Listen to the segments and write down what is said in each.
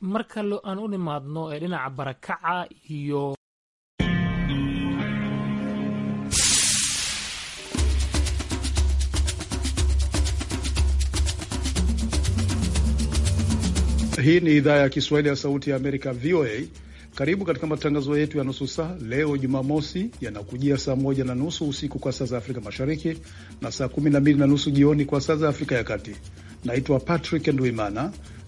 marka aan u nimaadno ee dhinaca barakaca iyo Hii ni idhaa ya Kiswahili ya Sauti ya Amerika, VOA. Karibu katika matangazo yetu ya nusu saa leo Jumamosi, yanakujia saa moja na nusu usiku kwa saa za Afrika Mashariki na saa kumi na mbili na nusu jioni kwa saa za Afrika ya Kati. Naitwa Patrick Ndwimana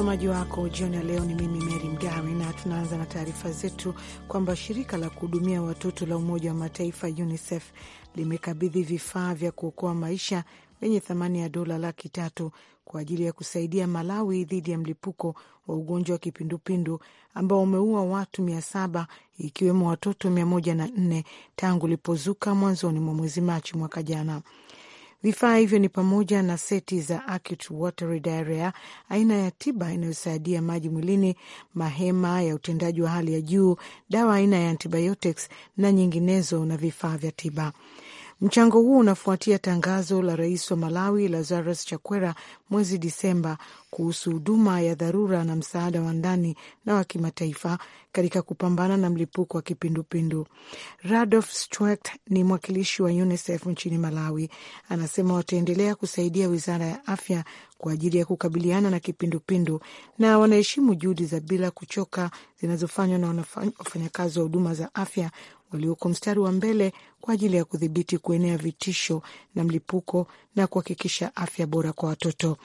Msomaji wako jioni ya leo ni mimi Meri Mgawe, na tunaanza na taarifa zetu kwamba shirika la kuhudumia watoto la Umoja wa Mataifa UNICEF limekabidhi vifaa vya kuokoa maisha lenye thamani ya dola laki tatu kwa ajili ya kusaidia Malawi dhidi ya mlipuko wa ugonjwa wa kipindupindu ambao umeua watu mia saba ikiwemo watoto mia moja na nne tangu ulipozuka mwanzoni mwa mwezi Machi mwaka jana. Vifaa hivyo ni pamoja na seti za acute watery diarrhea, aina ya tiba inayosaidia maji mwilini, mahema ya utendaji wa hali ya juu, dawa aina ya antibiotics na nyinginezo, na vifaa vya tiba. Mchango huo unafuatia tangazo la rais wa Malawi Lazarus Chakwera mwezi Disemba kuhusu huduma ya dharura na msaada wa ndani na wa kimataifa katika kupambana na mlipuko wa kipindupindu. Radof Schweik ni mwakilishi wa UNICEF nchini Malawi, anasema wataendelea kusaidia wizara ya afya kwa ajili ya kukabiliana na kipindupindu na wanaheshimu juhudi za bila kuchoka zinazofanywa na wafanyakazi wa huduma za afya walioko mstari wa mbele kwa ajili ya kudhibiti kuenea vitisho na mlipuko na kuhakikisha afya bora kwa watoto.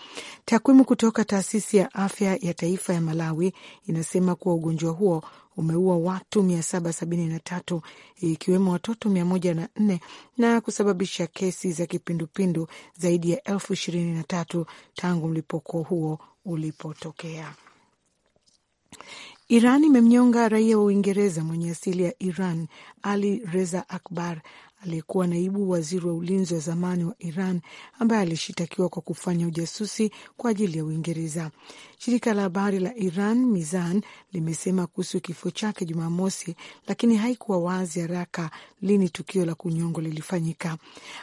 Takwimu kutoka taasisi ya afya ya taifa ya Malawi inasema kuwa ugonjwa huo umeua watu 773 ikiwemo watoto 104 na kusababisha kesi za kipindupindu zaidi ya elfu ishirini na tatu tangu mlipuko huo ulipotokea. Iran imemnyonga raia wa Uingereza mwenye asili ya Iran Ali Reza Akbar aliyekuwa naibu waziri wa ulinzi wa zamani wa Iran ambaye alishitakiwa kwa kufanya ujasusi kwa ajili ya Uingereza. Shirika la habari la Iran Mizan limesema kuhusu kifo chake Jumamosi, lakini haikuwa wazi haraka lini tukio la kunyongwa lilifanyika.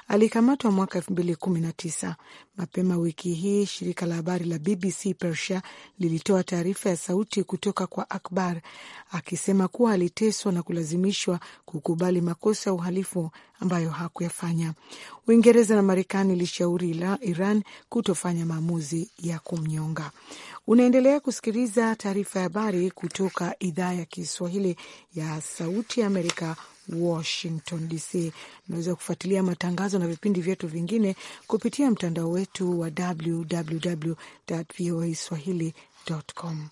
Alikamatwa mwaka elfu mbili kumi na tisa. Mapema wiki hii shirika la habari la BBC Persia lilitoa taarifa ya sauti kutoka kwa Akbar akisema kuwa aliteswa na kulazimishwa kukubali makosa ya uhalifu ambayo hakuyafanya. Uingereza na Marekani ilishauri Iran kutofanya maamuzi ya kumnyonga. Unaendelea kusikiliza taarifa ya habari kutoka idhaa ya Kiswahili ya Sauti ya Amerika, Washington DC. Unaweza kufuatilia matangazo na vipindi vyetu vingine kupitia mtandao wetu wa www voa swahili com.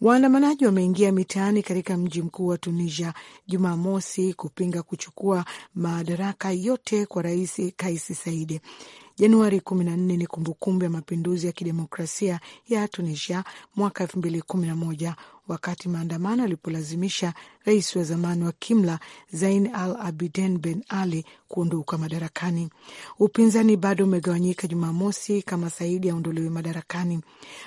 Waandamanaji wameingia mitaani katika mji mkuu wa Tunisia Jumamosi kupinga kuchukua madaraka yote kwa Rais Kais saidi Januari 14 ni kumbukumbu ya mapinduzi ya kidemokrasia ya Tunisia mwaka 2011 wakati maandamano yalipolazimisha rais wa zamani wa Kimla Zain Al Abiden Ben Ali kuondoka madarakani. Upinzani bado umegawanyika Jumamosi kama Saidi aondolewe madarakani.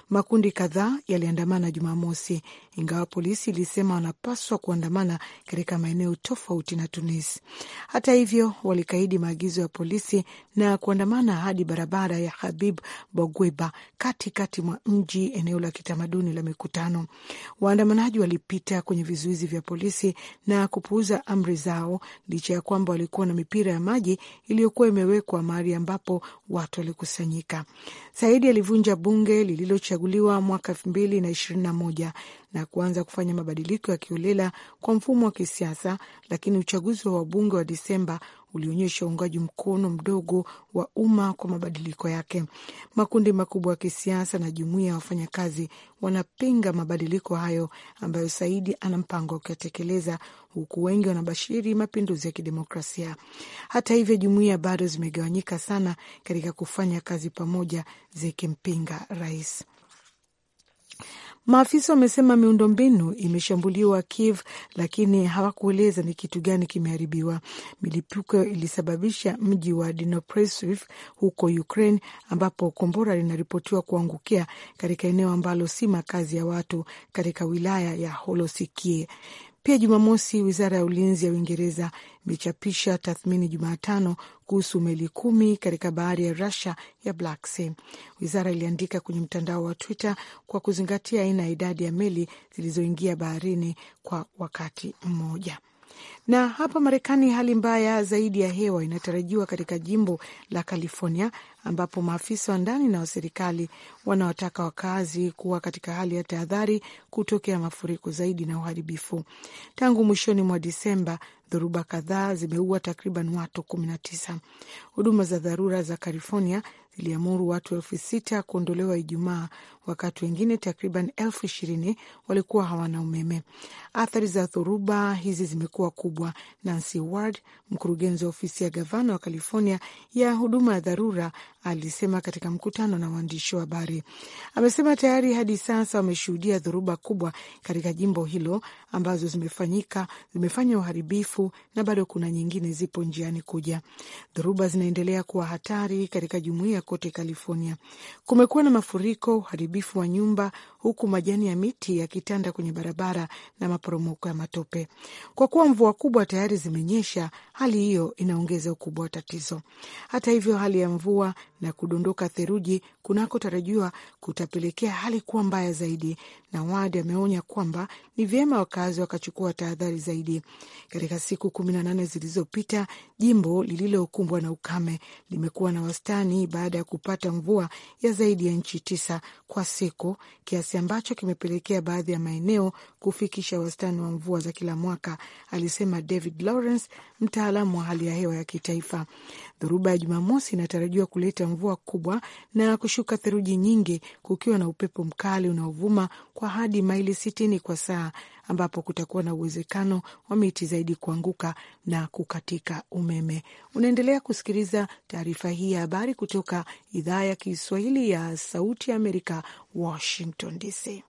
Makundi kadhaa yaliandamana Jumamosi, ingawa polisi ilisema wanapaswa kuandamana katika maeneo tofauti na Tunis. Hata hivyo, walikaidi maagizo ya polisi na kuandamana hadi barabara ya Habib Bogweba katikati mwa mji, eneo la kitamaduni la mikutano. Waandamanaji walipita kwenye vizuizi vya polisi na kupuuza amri zao licha ya kwamba walikuwa na mipira ya maji iliyokuwa imewekwa mahali ambapo watu walikusanyika. Saidi alivunja bunge lililochaguliwa mwaka elfu mbili na ishirini na moja na kuanza kufanya mabadiliko ya kiolela kwa mfumo wa kisiasa, lakini uchaguzi wa wabunge wa Disemba ulionyesha uungaji mkono mdogo wa umma kwa mabadiliko yake. Makundi makubwa ya kisiasa na jumuiya ya wafanyakazi wanapinga mabadiliko hayo ambayo Saidi ana mpango wa kuyatekeleza, huku wengi wanabashiri mapinduzi ya kidemokrasia. Hata hivyo, jumuiya bado zimegawanyika sana katika kufanya kazi pamoja zikimpinga rais. Maafisa wamesema miundombinu imeshambuliwa Kiev, lakini hawakueleza ni kitu gani kimeharibiwa. Milipuko ilisababisha mji wa Dnipropetrovsk huko Ukraine, ambapo kombora linaripotiwa kuangukia katika eneo ambalo si makazi ya watu katika wilaya ya Holosikie. Pia Jumamosi, wizara ya ulinzi ya Uingereza imechapisha tathmini Jumatano kuhusu meli kumi katika bahari ya Rusia ya Black Sea. Wizara iliandika kwenye mtandao wa Twitter kwa kuzingatia aina ya idadi ya meli zilizoingia baharini kwa wakati mmoja. Na hapa Marekani, hali mbaya zaidi ya hewa inatarajiwa katika jimbo la California, ambapo maafisa wa ndani na wa serikali wanawataka wakazi kuwa katika hali ya tahadhari kutokea mafuriko zaidi na uharibifu. Tangu mwishoni mwa Disemba, dhoruba kadhaa zimeua takriban watu 19. Huduma za dharura za California ziliamuru watu elfu sita kuondolewa Ijumaa wakati wengine takriban elfu ishirini walikuwa hawana umeme. Athari za dhoruba hizi zimekuwa kubwa. Nancy Ward, mkurugenzi wa ofisi ya gavana wa California ya huduma ya dharura, alisema katika mkutano na waandishi wa habari. Amesema tayari hadi sasa wameshuhudia dhoruba kubwa katika jimbo hilo ambazo zimefanyika zimefanya uharibifu na bado kuna nyingine zipo njiani kuja. Dhoruba zinaendelea kuwa hatari katika jumuiya kote California. Kumekuwa na mafuriko, uharibifu uharibifu wa nyumba huku majani ya miti yakitanda kwenye barabara na maporomoko ya matope. Kwa kuwa mvua kubwa tayari zimenyesha, hali hiyo inaongeza ukubwa wa tatizo. Hata hivyo, hali ya mvua na kudondoka theluji kunakotarajiwa kutapelekea hali kuwa mbaya zaidi, na WAD ameonya kwamba ni vyema wakazi wakachukua tahadhari zaidi. Katika siku kumi na nane zilizopita, jimbo lililokumbwa na ukame limekuwa na wastani baada ya kupata mvua ya zaidi ya inchi tisa kwa siku kiasi kiasi ambacho kimepelekea baadhi ya maeneo kufikisha wastani wa mvua za kila mwaka, alisema David Lawrence, mtaalamu wa hali ya hewa ya kitaifa. Dhoruba ya Jumamosi inatarajiwa kuleta mvua kubwa na kushuka theluji nyingi, kukiwa na upepo mkali unaovuma kwa hadi maili sitini kwa saa, ambapo kutakuwa na uwezekano wa miti zaidi kuanguka na kukatika umeme. Unaendelea kusikiliza taarifa hii ya habari kutoka idhaa ya Kiswahili ya Sauti ya Amerika, Washington DC.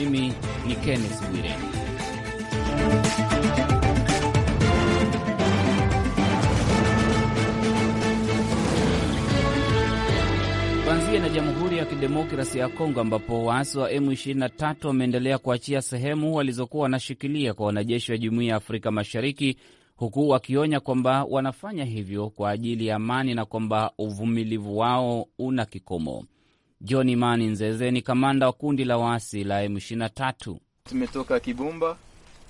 Mimi ni Kennes Bwire. Kuanzia na Jamhuri ya Kidemokrasi ya Kongo ambapo waasi wa M23 wameendelea kuachia sehemu walizokuwa wanashikilia kwa wanajeshi wa Jumuiya ya Afrika Mashariki huku wakionya kwamba wanafanya hivyo kwa ajili ya amani na kwamba uvumilivu wao una kikomo. John mani Nzeze ni kamanda wa kundi la waasi la M23. Tumetoka Kibumba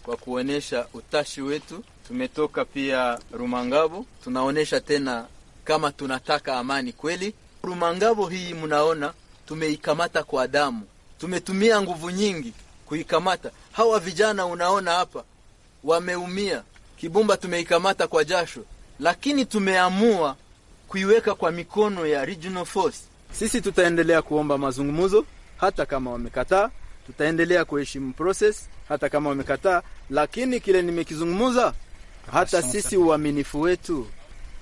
kwa kuonyesha utashi wetu, tumetoka pia Rumangabo, tunaonyesha tena kama tunataka amani kweli. Rumangabo hii mnaona tumeikamata kwa damu, tumetumia nguvu nyingi kuikamata. Hawa vijana unaona hapa wameumia. Kibumba tumeikamata kwa jasho, lakini tumeamua kuiweka kwa mikono ya regional force sisi tutaendelea kuomba mazungumzo hata kama wamekataa, tutaendelea kuheshimu process hata kama wamekataa, lakini kile nimekizungumza, hata sisi uaminifu wetu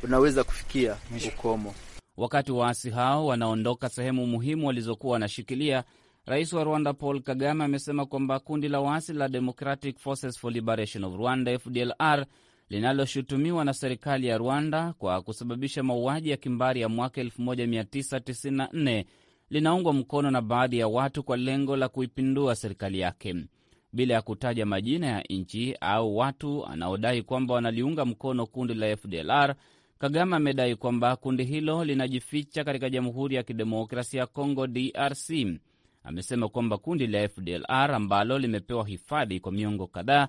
unaweza kufikia ukomo. Wakati waasi hao wanaondoka sehemu muhimu walizokuwa wanashikilia, rais wa Rwanda Paul Kagame amesema kwamba kundi la waasi la Democratic Forces for Liberation of Rwanda, FDLR linaloshutumiwa na serikali ya Rwanda kwa kusababisha mauaji ya kimbari ya mwaka 1994 linaungwa mkono na baadhi ya watu kwa lengo la kuipindua serikali yake. Bila ya kutaja majina ya nchi au watu anaodai kwamba wanaliunga mkono kundi la FDLR, Kagame amedai kwamba kundi hilo linajificha katika Jamhuri ya Kidemokrasia ya Kongo, DRC. Amesema kwamba kundi la FDLR ambalo limepewa hifadhi kwa miongo kadhaa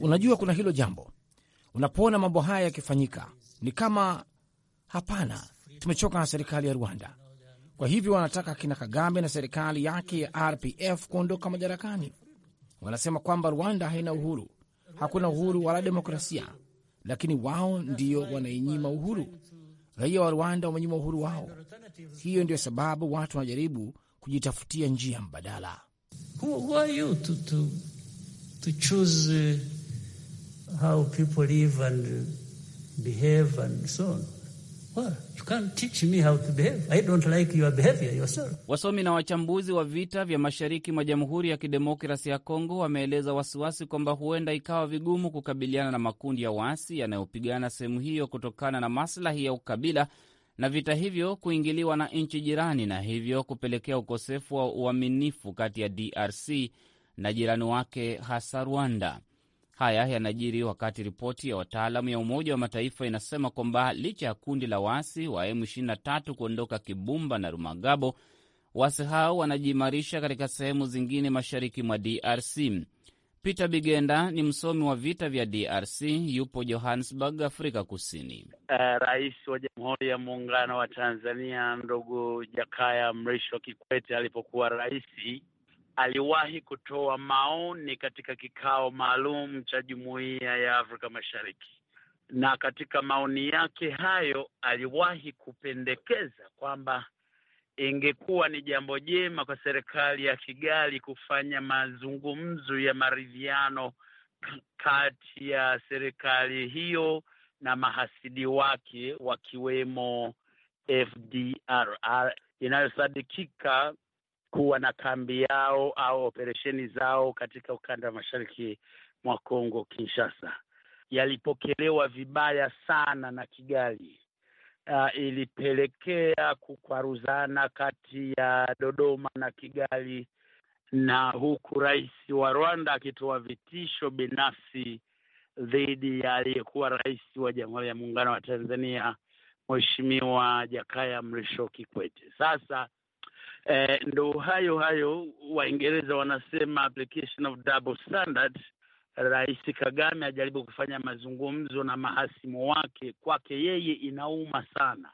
Unajua, kuna hilo jambo, unapoona mambo haya yakifanyika ni kama hapana, tumechoka na serikali ya Rwanda. Kwa hivyo wanataka kina Kagame na serikali yake ya RPF kuondoka madarakani. Wanasema kwamba Rwanda haina uhuru, hakuna uhuru wala demokrasia, lakini wao ndio wanainyima uhuru raia wa Rwanda, wamenyima uhuru wao. Hiyo ndio sababu watu wanajaribu kujitafutia njia mbadala. Who, to choose uh, how people live and behave and so on. Well, you can't teach me how to behave. I don't like your behavior yourself. Wasomi na wachambuzi wa vita vya mashariki mwa Jamhuri ya Kidemokrasi ya Kongo wameeleza wasiwasi kwamba huenda ikawa vigumu kukabiliana na makundi ya waasi yanayopigana sehemu hiyo kutokana na maslahi ya ukabila na vita hivyo kuingiliwa na nchi jirani na hivyo kupelekea ukosefu wa uaminifu kati ya DRC na jirani wake hasa Rwanda. Haya yanajiri wakati ripoti ya wataalamu ya Umoja wa Mataifa inasema kwamba licha ya kundi la wasi wa M23 kuondoka Kibumba na Rumagabo, wasi hao wanajiimarisha katika sehemu zingine mashariki mwa DRC. Peter Bigenda ni msomi wa vita vya DRC, yupo Johannesburg, Afrika Kusini. Uh, Rais wa Jamhuri ya Muungano wa Tanzania ndugu Jakaya Mrisho Kikwete alipokuwa rais aliwahi kutoa maoni katika kikao maalum cha Jumuiya ya Afrika Mashariki, na katika maoni yake hayo aliwahi kupendekeza kwamba ingekuwa ni jambo jema kwa serikali ya Kigali kufanya mazungumzo ya maridhiano kati ya serikali hiyo na mahasidi wake wakiwemo FDR ah, inayosadikika kuwa na kambi yao au operesheni zao katika ukanda wa mashariki mwa Kongo Kinshasa, yalipokelewa vibaya sana na Kigali. Uh, ilipelekea kukwaruzana kati ya Dodoma na Kigali, na huku rais wa Rwanda akitoa vitisho binafsi dhidi ya aliyekuwa rais wa Jamhuri ya Muungano wa Tanzania Mheshimiwa Jakaya Mrisho Kikwete. Sasa Eh, ndo hayo hayo Waingereza wanasema application of double standard. Rais Kagame ajaribu kufanya mazungumzo na mahasimu wake, kwake yeye inauma sana,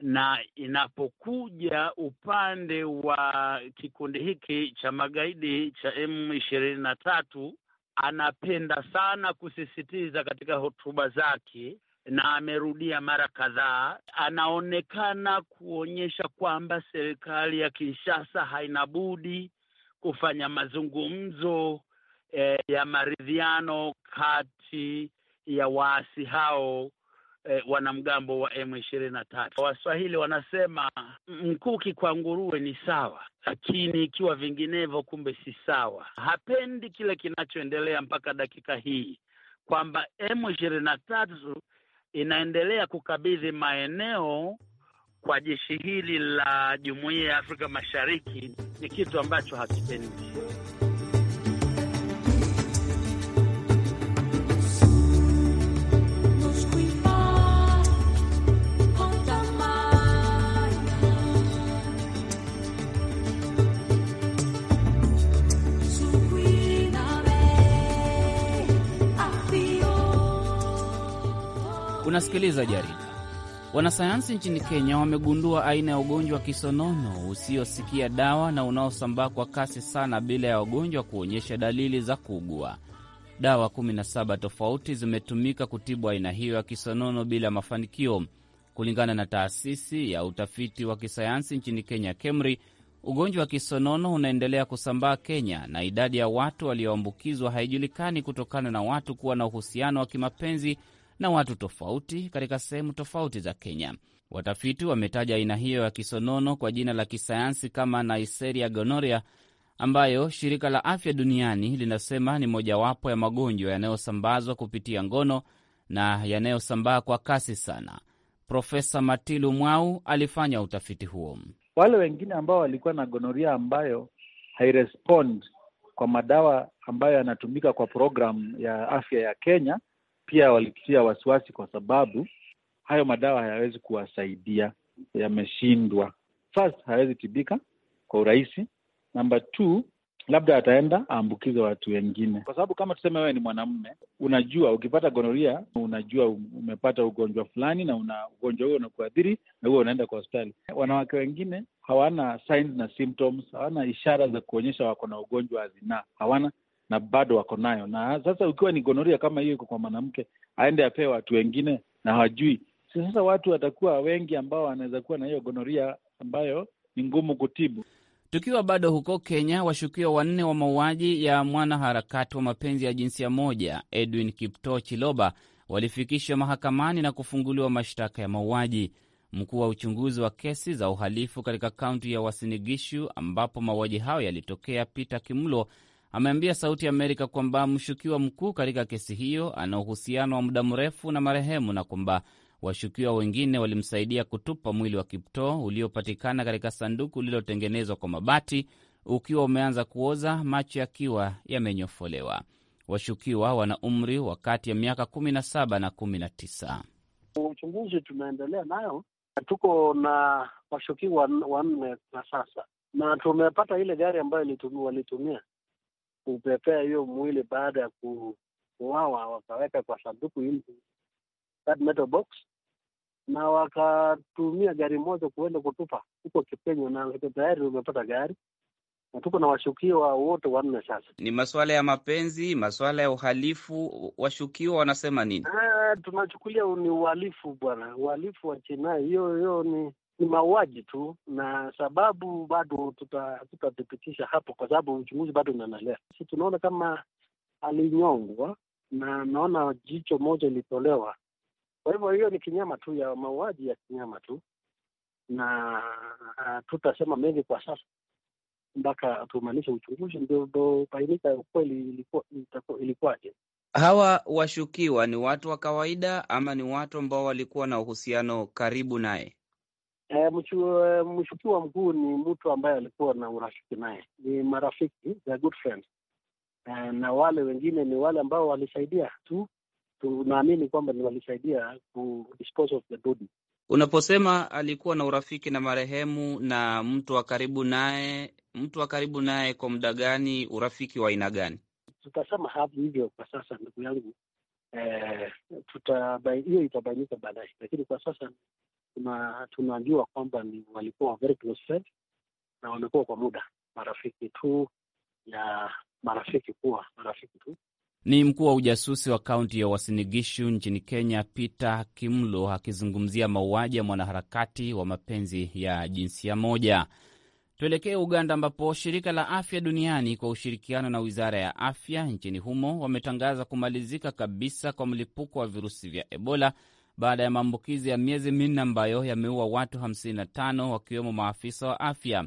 na inapokuja upande wa kikundi hiki cha magaidi cha M ishirini na tatu anapenda sana kusisitiza katika hotuba zake na amerudia mara kadhaa, anaonekana kuonyesha kwamba serikali ya Kinshasa haina budi kufanya mazungumzo eh, ya maridhiano kati ya waasi hao eh, wanamgambo wa M23. Waswahili wanasema mkuki kwa nguruwe ni sawa, lakini ikiwa vinginevyo, kumbe si sawa. Hapendi kile kinachoendelea mpaka dakika hii kwamba M23 inaendelea kukabidhi maeneo kwa jeshi hili la Jumuiya ya Afrika Mashariki ni kitu ambacho hakipendi. unasikiliza jarida. Wanasayansi nchini Kenya wamegundua aina ya ugonjwa wa kisonono usiosikia dawa na unaosambaa kwa kasi sana bila ya wagonjwa kuonyesha dalili za kuugua. Dawa 17 tofauti zimetumika kutibu aina hiyo ya kisonono bila mafanikio. Kulingana na taasisi ya utafiti wa kisayansi nchini Kenya, KEMRI, ugonjwa wa kisonono unaendelea kusambaa Kenya na idadi ya watu walioambukizwa haijulikani kutokana na watu kuwa na uhusiano wa kimapenzi na watu tofauti katika sehemu tofauti za Kenya. Watafiti wametaja aina hiyo ya kisonono kwa jina la kisayansi kama Neisseria gonorrhea, ambayo shirika la afya duniani linasema ni mojawapo ya magonjwa yanayosambazwa kupitia ngono na yanayosambaa kwa kasi sana. Profesa Matilu Mwau alifanya utafiti huo. Wale wengine ambao walikuwa na gonoria ambayo hairespond kwa madawa ambayo yanatumika kwa programu ya afya ya Kenya pia walitia wasiwasi, kwa sababu hayo madawa hayawezi kuwasaidia, yameshindwa. First, hayawezi tibika kwa urahisi. Namba two, labda ataenda aambukize watu wengine, kwa sababu kama tuseme wewe ni mwanamume, unajua ukipata gonoria, unajua um, umepata ugonjwa fulani, na una ugonjwa huo unakuadhiri, na huo unaenda kwa hospitali. Wanawake wengine hawana signs na symptoms, hawana ishara za kuonyesha wako na ugonjwa wa zinaa, hawana na bado wako nayo. Na sasa ukiwa ni gonoria kama hiyo iko kwa mwanamke, aende apewe watu wengine na hawajui, sasa watu watakuwa wengi ambao wanaweza kuwa na hiyo gonoria ambayo ni ngumu kutibu. Tukiwa bado huko Kenya, washukiwa wanne wa mauaji ya mwanaharakati wa mapenzi ya jinsia moja Edwin kipto Chiloba walifikishwa mahakamani na kufunguliwa mashtaka ya mauaji. Mkuu wa uchunguzi wa kesi za uhalifu katika kaunti ya Wasinigishu ambapo mauaji hayo yalitokea, Peter Kimlo ameambia Sauti ya Amerika kwamba mshukiwa mkuu katika kesi hiyo ana uhusiano wa muda mrefu na marehemu na kwamba washukiwa wengine walimsaidia kutupa mwili wa kipto uliopatikana katika sanduku lililotengenezwa kwa mabati ukiwa umeanza kuoza, macho yakiwa yamenyofolewa. Washukiwa wana umri wa kati ya miaka kumi na saba na kumi na tisa. Uchunguzi tunaendelea nayo, tuko na washukiwa wanne na sasa, na tumepata ile gari ambayo walitumia kupepea hiyo mwili baada ya kuwawa, wakaweka kwa sanduku hili that metal box, na wakatumia gari moja kuenda kutupa huko Kipenyo, na tayari tumepata gari na tuko na washukiwa wote wanne. Sasa ni masuala ya mapenzi, masuala ya uhalifu. Washukiwa wanasema nini? Ah, tunachukulia ni uhalifu bwana, uhalifu wa jinai hiyo. Hiyo ni ni mauaji tu, na sababu bado tutathibitisha hapo, kwa sababu uchunguzi bado unaendelea. Si tunaona kama alinyongwa, na naona jicho moja ilitolewa. Kwa hivyo hiyo ni kinyama tu ya mauaji ya kinyama tu, na tutasema mengi kwa sasa mpaka tumalishe uchunguzi ndio bainika ukweli ilikuwaje. Hawa washukiwa ni watu wa kawaida ama ni watu ambao walikuwa na uhusiano karibu naye? E, mshukiwa mkuu ni mtu ambaye alikuwa na urafiki naye, ni marafiki, the good friends. E, na wale wengine ni wale ambao walisaidia tu, tunaamini kwamba ni walisaidia ku dispose of the body. Unaposema alikuwa na urafiki na marehemu na mtu wa karibu naye, mtu wa karibu naye kwa muda gani? Urafiki wa aina gani? Tutasema hapo hivyo kwa sasa, ndugu yangu. E, tutabai, hiyo itabainika baadaye, lakini kwa sasa tuna, tunajua kwamba ni walikuwa very close friend na wamekuwa kwa muda marafiki tu ya marafiki kuwa marafiki tu. Ni mkuu wa ujasusi wa kaunti ya Wasinigishu nchini Kenya, Peter Kimlo, akizungumzia mauaji ya mwanaharakati wa mapenzi ya jinsia moja. Tuelekee Uganda, ambapo shirika la afya duniani kwa ushirikiano na wizara ya afya nchini humo wametangaza kumalizika kabisa kwa mlipuko wa virusi vya Ebola baada ya maambukizi ya miezi minne ambayo yameua watu 55 wakiwemo maafisa wa afya.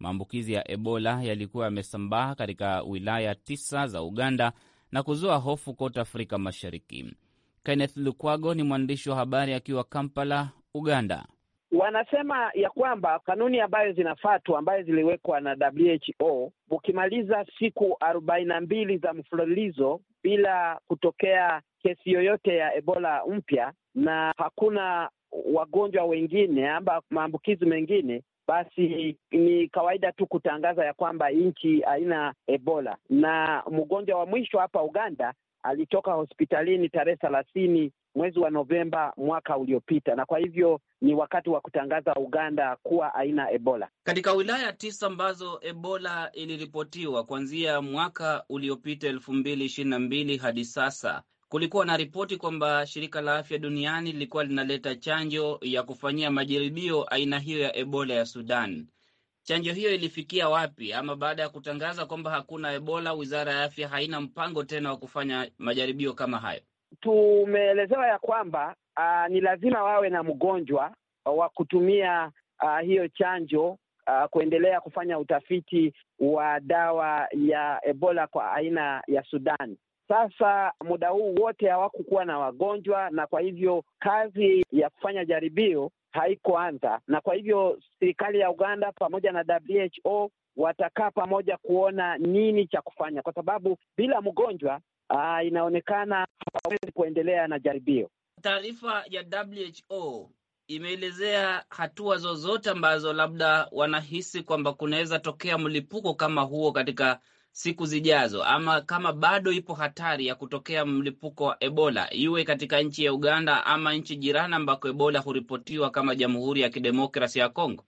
Maambukizi ya Ebola yalikuwa yamesambaa katika wilaya tisa za Uganda na kuzua hofu kote Afrika Mashariki. Kenneth Lukwago ni mwandishi wa habari akiwa Kampala, Uganda. Wanasema ya kwamba kanuni ambayo zinafatwa ambayo ziliwekwa na WHO, ukimaliza siku arobaini na mbili za mfululizo bila kutokea kesi yoyote ya Ebola mpya na hakuna wagonjwa wengine ama maambukizi mengine, basi ni kawaida tu kutangaza ya kwamba nchi haina Ebola. Na mgonjwa wa mwisho hapa Uganda alitoka hospitalini tarehe thelathini mwezi wa Novemba mwaka uliopita, na kwa hivyo ni wakati wa kutangaza Uganda kuwa aina Ebola. Katika wilaya tisa ambazo Ebola iliripotiwa kuanzia mwaka uliopita elfu mbili ishirini na mbili hadi sasa, kulikuwa na ripoti kwamba shirika la afya duniani lilikuwa linaleta chanjo ya kufanyia majaribio aina hiyo ya Ebola ya Sudan. Chanjo hiyo ilifikia wapi? Ama baada ya kutangaza kwamba hakuna Ebola, wizara ya afya haina mpango tena wa kufanya majaribio kama hayo. Tumeelezewa ya kwamba uh, ni lazima wawe na mgonjwa wa kutumia uh, hiyo chanjo Uh, kuendelea kufanya utafiti wa dawa ya Ebola kwa aina ya Sudan. Sasa muda huu wote hawakukuwa na wagonjwa, na kwa hivyo kazi ya kufanya jaribio haikuanza, na kwa hivyo serikali ya Uganda pamoja na WHO watakaa pamoja kuona nini cha kufanya, kwa sababu bila mgonjwa aa, ah, inaonekana hawawezi kuendelea na jaribio. Taarifa ya WHO imeelezea hatua zozote ambazo labda wanahisi kwamba kunaweza tokea mlipuko kama huo katika siku zijazo, ama kama bado ipo hatari ya kutokea mlipuko wa Ebola, iwe katika nchi ya Uganda ama nchi jirani ambako Ebola huripotiwa kama Jamhuri ya Kidemokrasia ya Kongo?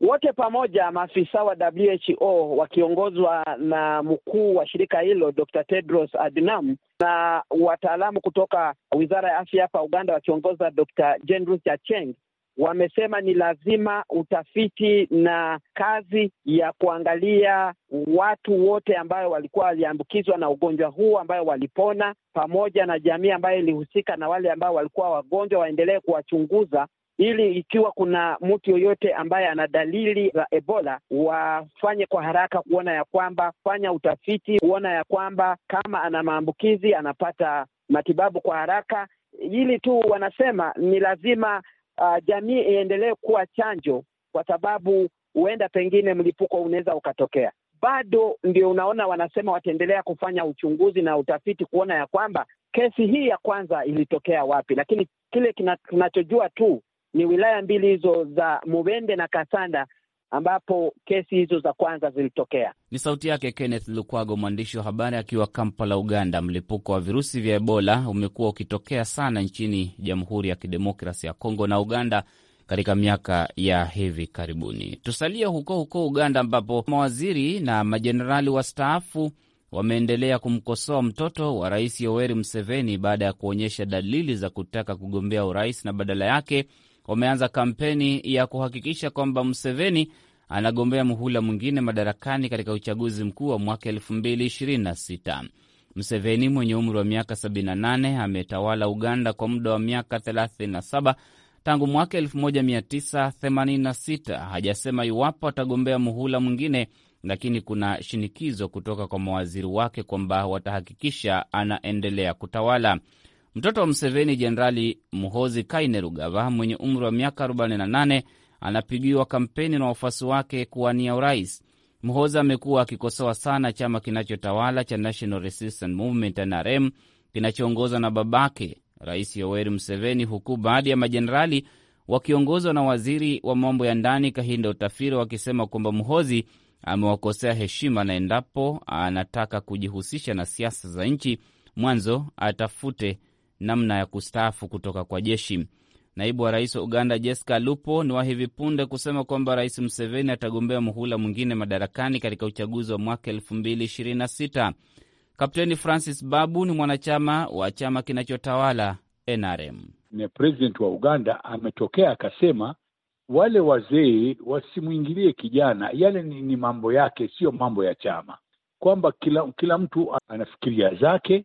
Wote pamoja maafisa wa WHO wakiongozwa na mkuu wa shirika hilo Dr. Tedros Adhanom na wataalamu kutoka Wizara ya Afya hapa Uganda wakiongozwa Dr. Jane Ruth Acheng wamesema ni lazima utafiti na kazi ya kuangalia watu wote ambayo walikuwa waliambukizwa na ugonjwa huu ambayo walipona, pamoja na jamii ambayo ilihusika na wale ambao walikuwa wagonjwa, waendelee kuwachunguza ili ikiwa kuna mtu yoyote ambaye ana dalili za Ebola wafanye kwa haraka kuona ya kwamba, fanya utafiti kuona ya kwamba kama ana maambukizi anapata matibabu kwa haraka. Hili tu wanasema ni lazima uh, jamii iendelee kuwa chanjo, kwa sababu huenda pengine mlipuko unaweza ukatokea. Bado ndio unaona wanasema wataendelea kufanya uchunguzi na utafiti kuona ya kwamba kesi hii ya kwanza ilitokea wapi, lakini kile tunachojua tu ni wilaya mbili hizo za Mubende na Kasanda ambapo kesi hizo za kwanza zilitokea. Ni sauti yake Kenneth Lukwago, mwandishi wa habari akiwa Kampala, Uganda. Mlipuko wa virusi vya Ebola umekuwa ukitokea sana nchini Jamhuri ya Kidemokrasi ya Kongo na Uganda katika miaka ya hivi karibuni. Tusalie huko huko Uganda, ambapo mawaziri na majenerali wastaafu wameendelea kumkosoa mtoto wa Rais Yoweri Museveni baada ya kuonyesha dalili za kutaka kugombea urais na badala yake wameanza kampeni ya kuhakikisha kwamba Museveni anagombea muhula mwingine madarakani katika uchaguzi mkuu wa mwaka 2026. Museveni mwenye umri wa miaka 78 ametawala Uganda kwa muda wa miaka 37 tangu mwaka 1986. Hajasema iwapo atagombea muhula mwingine, lakini kuna shinikizo kutoka kwa mawaziri wake kwamba watahakikisha anaendelea kutawala. Mtoto wa Mseveni, Jenerali Muhozi kainerugava mwenye umri wa miaka 48 anapigiwa kampeni na wafuasi wake kuwania urais. Muhozi amekuwa akikosoa sana chama kinachotawala cha National Resistance Movement NRM kinachoongozwa na babake Rais Yoweri Mseveni, huku baadhi ya majenerali wakiongozwa na waziri wa mambo ya ndani Kahinda Utafiri wakisema kwamba Muhozi amewakosea heshima na endapo anataka kujihusisha na siasa za nchi mwanzo atafute namna ya kustaafu kutoka kwa jeshi. Naibu wa rais wa Uganda Jessica Lupo ni wa hivi punde kusema kwamba Rais Museveni atagombea muhula mwingine madarakani katika uchaguzi wa mwaka 226 Kapteni Francis Babu ni mwanachama wa chama kinachotawala NRM. Na president wa Uganda ametokea akasema wale wazee wasimwingilie kijana, yale ni, ni mambo yake, siyo mambo ya chama, kwamba kila, kila mtu anafikiria zake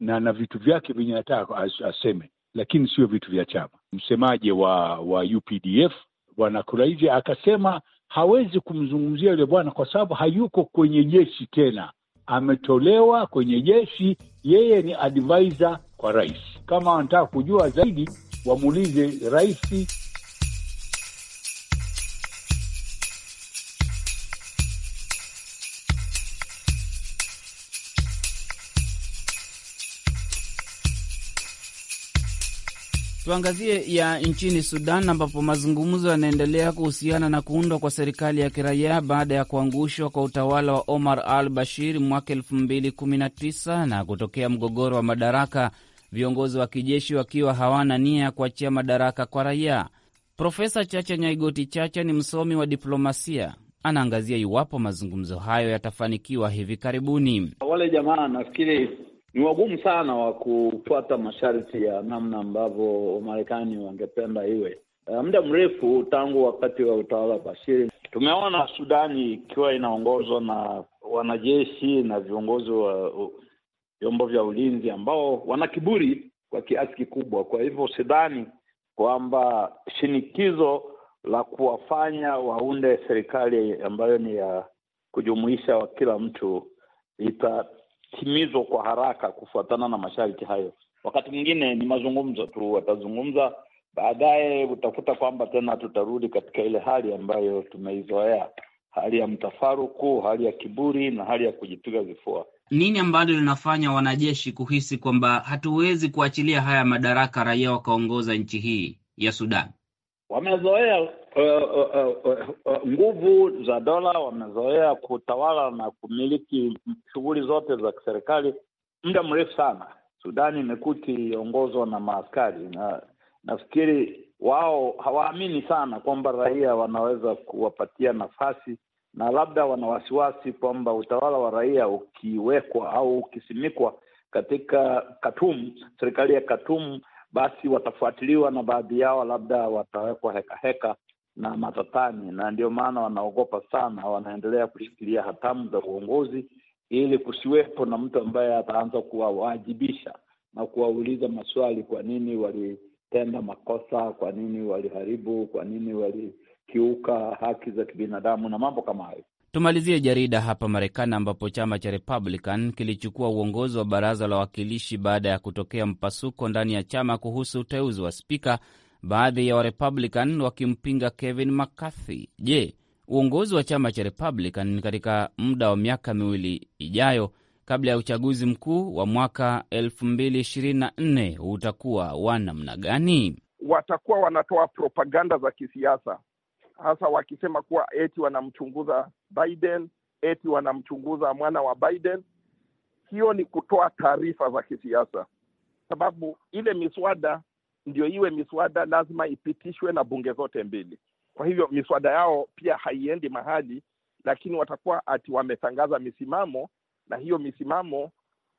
na na vitu vyake vyenye nataka as, aseme, lakini sio vitu vya chama. Msemaji wa wa UPDF bwana Kuraije akasema hawezi kumzungumzia yule bwana kwa sababu hayuko kwenye jeshi tena, ametolewa kwenye jeshi, yeye ni advisor kwa rais. Kama wanataka kujua zaidi, wamuulize rais. Tuangazie ya nchini Sudan ambapo mazungumzo yanaendelea kuhusiana na kuundwa kwa serikali ya kiraia baada ya kuangushwa kwa utawala wa Omar al Bashir mwaka 219 na kutokea mgogoro wa madaraka, viongozi wa kijeshi wakiwa hawana nia ya kuachia madaraka kwa raia. Profesa Chacha Nyaigoti Chacha ni msomi wa diplomasia anaangazia iwapo mazungumzo hayo yatafanikiwa hivi karibuni. Wale jamaa nafikiri ni wagumu sana wa kufuata masharti ya namna ambavyo Wamarekani wangependa iwe. Eh, muda mrefu tangu wakati wa utawala wa Bashiri tumeona Sudani ikiwa inaongozwa na wanajeshi na viongozi wa vyombo vya ulinzi ambao wana kiburi kwa kiasi kikubwa. Kwa hivyo sidhani kwamba shinikizo la kuwafanya waunde serikali ambayo ni ya kujumuisha wa kila mtu ita timizwa kwa haraka kufuatana na masharti hayo. Wakati mwingine ni mazungumzo tu, watazungumza baadaye, utakuta kwamba tena tutarudi katika ile hali ambayo tumeizoea, hali ya mtafaruku, hali ya kiburi na hali ya kujipiga vifua. Nini ambalo linafanya wanajeshi kuhisi kwamba hatuwezi kuachilia haya madaraka raia wakaongoza nchi hii ya Sudan? Wamezoea Eh, eh, eh, nguvu uh, uh, uh, uh, za dola wamezoea kutawala na kumiliki shughuli zote za kiserikali muda mrefu sana. Sudani imekuwa ikiongozwa na maaskari, na nafikiri wao hawaamini sana kwamba raia wanaweza kuwapatia nafasi, na labda wana wasiwasi kwamba utawala wa raia ukiwekwa au ukisimikwa katika Katumu, serikali ya Katumu, basi watafuatiliwa na baadhi yao labda watawekwa hekaheka heka na matatani, na ndio maana wanaogopa sana, wanaendelea kushikilia hatamu za uongozi ili kusiwepo na mtu ambaye ataanza kuwawajibisha na kuwauliza maswali, kwa nini walitenda makosa, kwa nini waliharibu, kwa nini walikiuka haki za kibinadamu na mambo kama hayo. Tumalizie jarida hapa Marekani, ambapo chama cha Republican kilichukua uongozi wa baraza la wawakilishi baada ya kutokea mpasuko ndani ya chama kuhusu uteuzi wa spika baadhi ya Warepublican wakimpinga Kevin McCarthy. Je, uongozi wa chama cha Republican katika muda wa miaka miwili ijayo kabla ya uchaguzi mkuu wa mwaka 2024 utakuwa wa namna gani? Watakuwa wanatoa propaganda za kisiasa, hasa wakisema kuwa eti wanamchunguza Biden, eti wanamchunguza mwana wa Biden. Hiyo ni kutoa taarifa za kisiasa, sababu ile miswada ndio iwe miswada lazima ipitishwe na bunge zote mbili. Kwa hivyo miswada yao pia haiendi mahali, lakini watakuwa ati wametangaza misimamo, na hiyo misimamo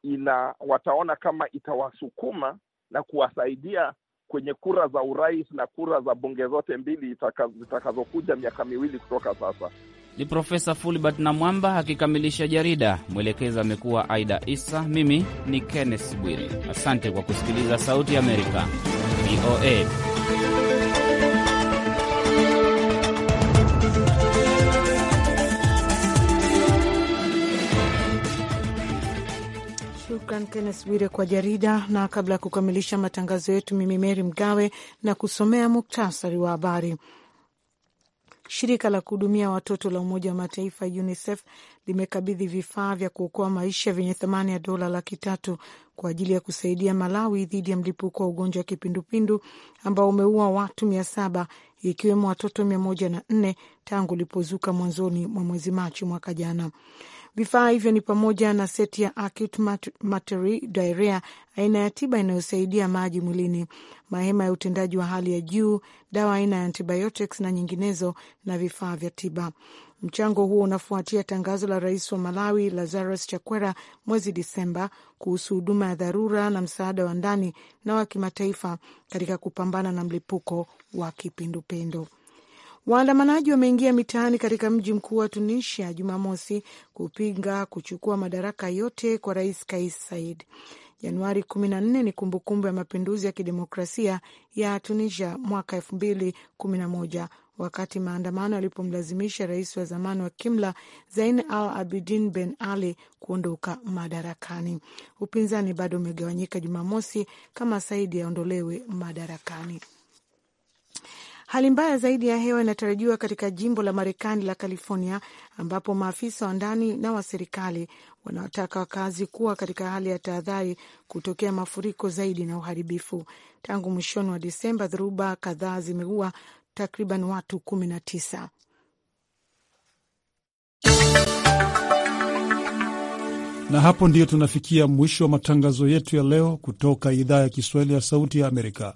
ina wataona kama itawasukuma na kuwasaidia kwenye kura za urais na kura za bunge zote mbili zitakazokuja miaka miwili kutoka sasa. Ni Profesa Fulbert na Mwamba akikamilisha jarida. Mwelekezi amekuwa Aida Isa. Mimi ni kennes bwiri asante kwa kusikiliza Sauti Amerika. VOA. Shukran Kennes Bwire kwa jarida. Na kabla ya kukamilisha matangazo yetu, mimi Meri Mgawe na kusomea muktasari wa habari. Shirika la kuhudumia watoto la Umoja wa Mataifa UNICEF limekabidhi vifaa vya kuokoa maisha vyenye thamani ya dola laki tatu kwa ajili ya kusaidia Malawi dhidi ya mlipuko wa ugonjwa wa kipindupindu ambao umeua watu mia saba ikiwemo watoto mia moja na nne tangu ulipozuka mwanzoni mwa mwezi Machi mwaka jana. Vifaa hivyo ni pamoja na seti ya acute matery diarrhea, aina ya tiba inayosaidia maji mwilini, mahema ya utendaji wa hali ya juu, dawa aina ya antibiotics na nyinginezo, na vifaa vya tiba. Mchango huo unafuatia tangazo la rais wa Malawi Lazarus Chakwera mwezi Disemba kuhusu huduma ya dharura na msaada wa ndani na wa kimataifa katika kupambana na mlipuko wa kipindupindu. Waandamanaji wameingia mitaani katika mji mkuu wa Tunisia Jumamosi kupinga kuchukua madaraka yote kwa rais Kais said Januari 14 ni kumbukumbu ya mapinduzi ya kidemokrasia ya Tunisia mwaka 2011 wakati maandamano yalipomlazimisha rais wa zamani wa Kimla Zain Al Abidin Ben Ali kuondoka madarakani. Upinzani bado umegawanyika Jumamosi kama Saidi aondolewe madarakani. Hali mbaya zaidi ya hewa inatarajiwa katika jimbo la Marekani la California, ambapo maafisa wa ndani na wa serikali wanaotaka wakazi kuwa katika hali ya tahadhari kutokea mafuriko zaidi na uharibifu. Tangu mwishoni wa Disemba, dhoruba kadhaa zimeua takriban watu kumi na tisa. Na hapo ndiyo tunafikia mwisho wa matangazo yetu ya leo kutoka idhaa ya Kiswahili ya Sauti ya Amerika.